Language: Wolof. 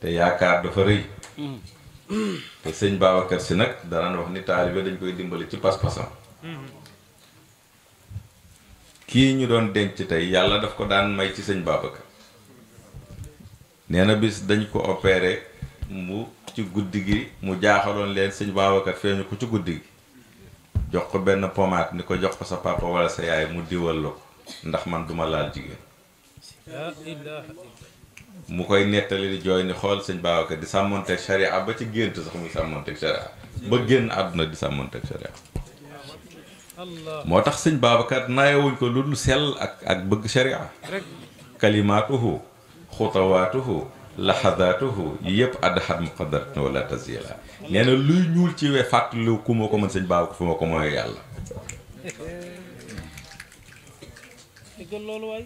te yaakaar dafa rëy mm. te sëñ Babacar si nag danaan wax ni taalibe dañ koy dimbali ci pas-pasam mm. kii ñu doon denc tey yàlla daf ko daan may ci sëñ Babacar nee na bis dañ ko opeere mu ci guddi gi mu jaaxaloon leen sëñ Babacar feeñu ko ci guddi gi jox ko benn pomaat ni ko jox ko sa papa wala sa yaay mu diwal la ko ndax man duma laal jigéen mu koy nettali di jooy ni xool sañ Babacar di sàmmonteeg charia ba ci gént sax muy sàmmonteeg charia ba génn àdduna di sàmmonteeg charia moo tax sëñ Babacar naayewuñ ko lu dul sell ak ak bëgg charia kalimaatuhu xutawaatuhu lahadaatuhu yi yëpp addaxat muqaddaratun wala tazila nee na luy ñuul ci we fàttali loolu waay